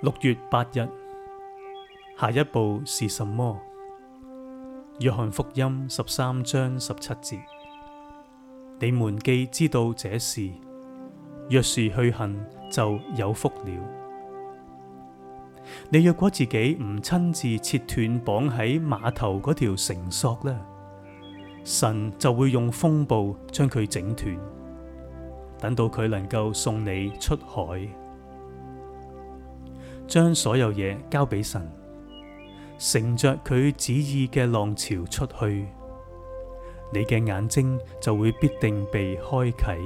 六月八日，下一步是什麼？約翰福音十三章十七節：你們既知道這事，若是去行，就有福了。你若果自己唔親自切斷綁喺碼頭嗰條繩索呢，神就會用風暴將佢整斷。等到佢能夠送你出海，將所有嘢，交俾神，乘着佢旨意嘅浪潮出去，你嘅眼睛就會必定被開啟。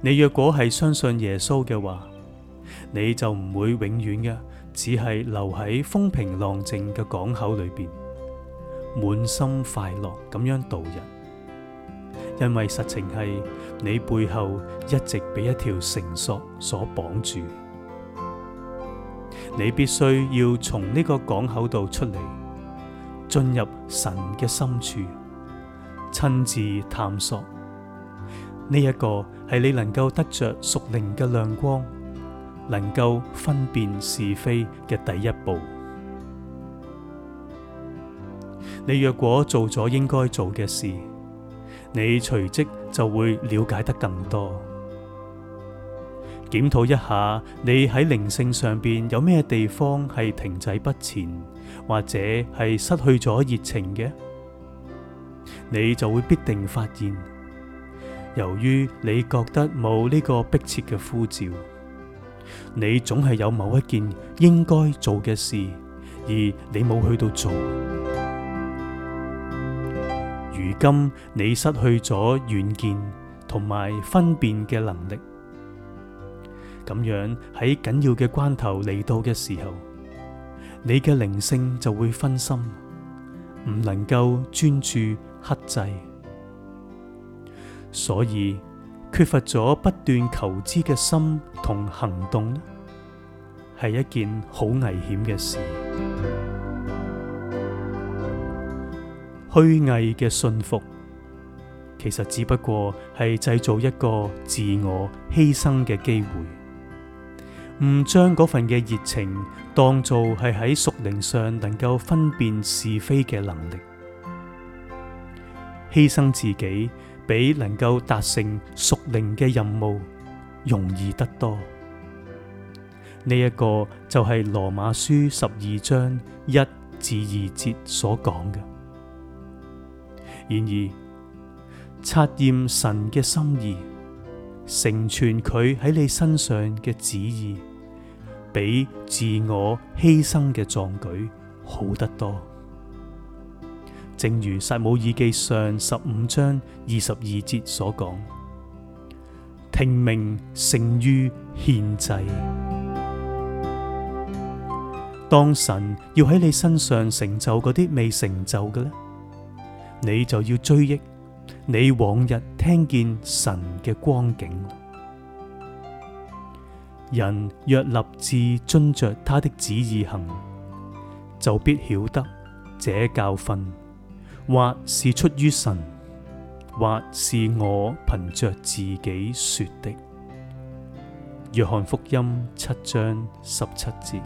你若果係相信耶穌嘅話，你就唔會永遠嘅，只係留喺風平浪靜嘅港口裏邊，滿心快樂咁樣度日。因為實情係你背後一直被一條繩索所綁住，你必須要從呢個港口度出嚟，進入神嘅深處，親自探索。呢一個係你能夠得着屬靈嘅亮光，能夠分辨是非嘅第一步。你若果做咗應該做嘅事。你隨即就會了解得更多，檢討一下你喺靈性上邊有咩地方係停滯不前，或者係失去咗熱情嘅，你就會必定發現，由於你覺得冇呢個迫切嘅呼召，你總係有某一件應該做嘅事，而你冇去到做。如今你失去咗遠見同埋分辨嘅能力，咁樣喺緊要嘅關頭嚟到嘅時候，你嘅靈性就會分心，唔能夠專注克制，所以缺乏咗不斷求知嘅心同行動，係一件好危險嘅事。虛偽嘅信服，其實只不過係製造一個自我犧牲嘅機會，唔將嗰份嘅熱情當做係喺屬靈上能夠分辨是非嘅能力，犧牲自己比能夠達成屬靈嘅任務容易得多。呢、這、一個就係羅馬書十二章一至二節所講嘅。然而，察驗神嘅心意，成全佢喺你身上嘅旨意，比自我犧牲嘅壯舉好得多。正如《撒母耳記》上十五章二十二節所講：聽命勝於獻祭。當神要喺你身上成就嗰啲未成就嘅呢。你就要追憶你往日聽見神嘅光景。人若立志遵着他的旨意行，就必曉得這教訓，或是出於神，或是我憑着自己說的。約翰福音七章十七節。